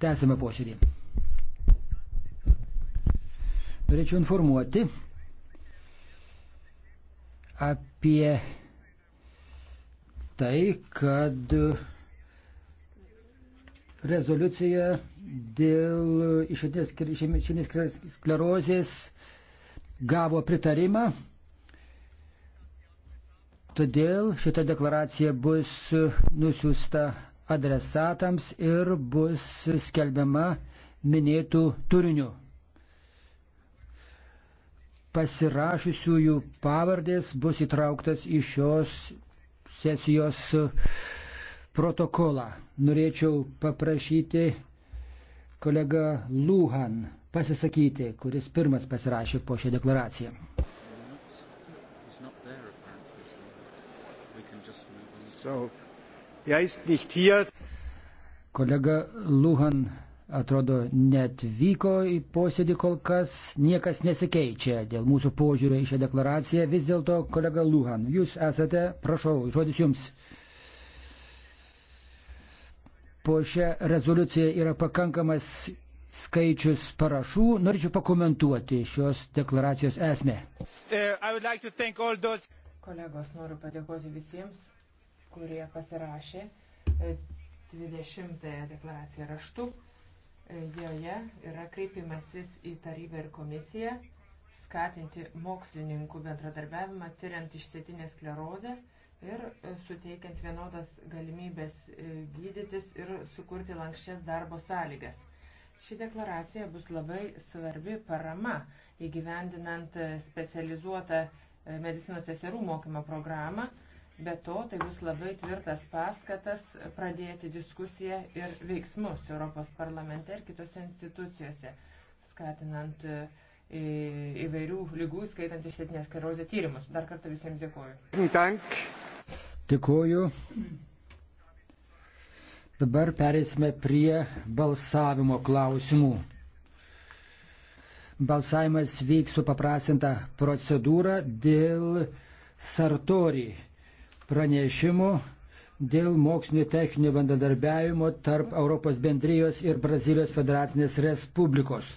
Tęsime posėdį. Norėčiau informuoti apie tai, kad rezoliucija dėl išėtinės sklerozės gavo pritarimą Todėl šita deklaracija bus nusiųsta adresatams ir bus skelbiama minėtų turiniu. Pasirašysiųjų pavardės bus įtrauktas į šios sesijos protokolą. Norėčiau paprašyti kolegą Luhan pasisakyti, kuris pirmas pasirašė po šią deklaraciją. So, ja er Kolega Luhan atrodo netvyko į posėdį kol kas, niekas nesikeičia dėl mūsų požiūrio į šią deklaraciją. Vis dėlto, kolega Luhan, jūs esate, prašau, žodis jums. Po šią rezoliuciją yra pakankamas skaičius parašų. Norėčiau pakomentuoti šios deklaracijos esmę. E, like those... Kolegos, noriu padėkoti visiems, kurie pasirašė 20-ąją e, deklaraciją raštu. E, joje yra kreipimasis į tarybą ir komisiją skatinti mokslininkų bendradarbiavimą, tyriant išsėtinę sklerozę ir e, suteikiant vienodas galimybės gydytis ir sukurti lankščias darbo sąlygas. Ši deklaracija bus labai svarbi parama įgyvendinant specializuotą medicinos seserų mokymo programą. Be to, tai bus labai tvirtas paskatas pradėti diskusiją ir veiksmus Europos parlamente ir kitose institucijose, skatinant e, įvairių lygų, skaitant išsėtinės kerozę tyrimus. Dar kartą visiems dėkoju. Dank. Dėkoju. Dabar perėsime prie balsavimo klausimų balsavimas vyks su paprastinta procedūra dėl Sartori pranešimo dėl mokslinio techninio bendradarbiavimo tarp Europos bendrijos ir Brazilijos federacinės respublikos.